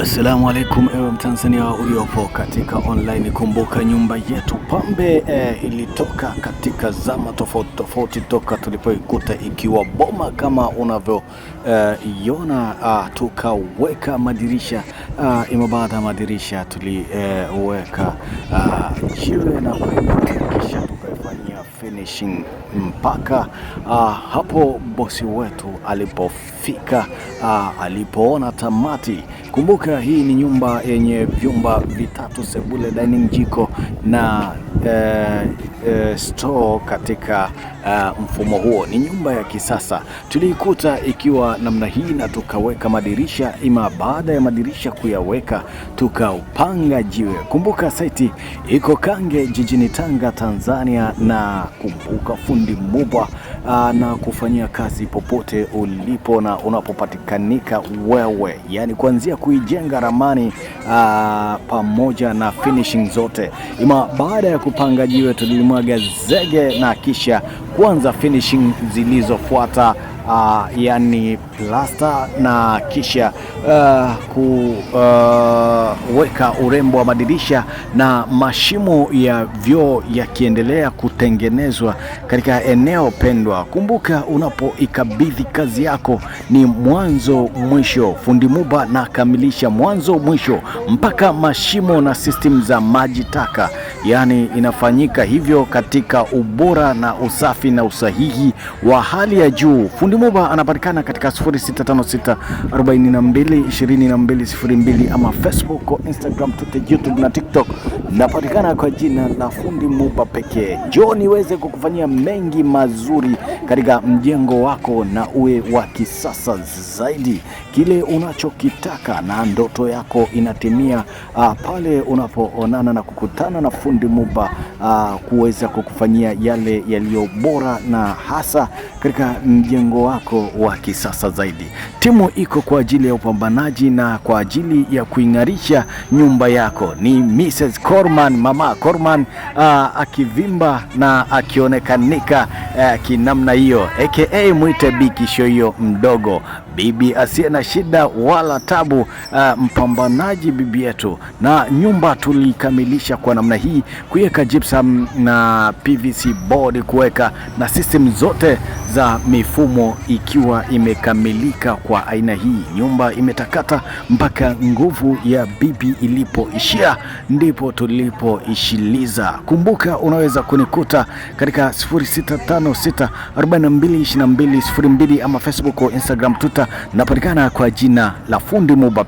Assalamu alaikum, ewe Mtanzania uliopo katika online. Kumbuka nyumba yetu Pambe eh, ilitoka katika zama tofauti tofauti toka tulipoikuta ikiwa boma kama unavyoiona eh, ah, tukaweka madirisha ah, ima baada ya madirisha tuliweka eh, ah, na kisha tukaifanyia finishing mpaka ah, hapo bosi wetu alipofika ah, alipoona tamati Kumbuka hii ni nyumba yenye vyumba vitatu, sebule, dining, jiko na Uh, eh, uh, eh, store katika uh, mfumo huo. Ni nyumba ya kisasa tuliikuta ikiwa namna hii, na tukaweka madirisha ima, baada ya madirisha kuyaweka tukaupanga jiwe. Kumbuka saiti iko Kange jijini Tanga, Tanzania, na kumbuka fundi mubwa Ah, na kufanyia kazi popote ulipo na unapopatikanika wewe, yani kuanzia kuijenga ramani aa, ah, pamoja na finishing zote. Ima baada ya kupanga jiwe tulimwaga zege na kisha kuanza finishing zilizofuata uh, yani plasta na kisha uh, eh, kuweka eh, uh, urembo wa madirisha na mashimo ya vyoo yakiendelea kutengenezwa katika eneo pendwa. Kumbuka, unapoikabidhi kazi yako ni mwanzo mwisho. Fundi Muba na kamilisha mwanzo mwisho mpaka mashimo na system za maji taka yaani inafanyika hivyo katika ubora na usafi na usahihi wa hali ya juu. Fundi Moba anapatikana katika 0656422202 ama Facebook, Instagram, Twitter, YouTube na TikTok napatikana kwa jina la Fundi Mupa pekee. Njoo niweze kukufanyia mengi mazuri katika mjengo wako na uwe wa kisasa zaidi, kile unachokitaka na ndoto yako inatimia uh, pale unapoonana na kukutana na Fundi Mupa uh, kuweza kukufanyia yale yaliyo bora na hasa katika mjengo wako wa kisasa zaidi. Timu iko kwa ajili ya upambanaji na kwa ajili ya kuing'arisha nyumba yako. Ni Mrs. Korman, mama Korman uh, akivimba na akionekanika uh, kinamna hiyo, aka mwite bikisho hiyo mdogo bibi asiye na shida wala tabu, uh, mpambanaji bibi yetu, na nyumba tulikamilisha kwa namna hii, kuweka gypsum na PVC board, kuweka na system zote za mifumo ikiwa imekamilika kwa aina hii. Nyumba imetakata mpaka nguvu ya bibi ilipoishia ndipo tu tulipoishiliza. Kumbuka unaweza kunikuta katika 0656422202 ama Facebook, Instagram, Twitter, napatikana kwa jina la Fundi Mubape.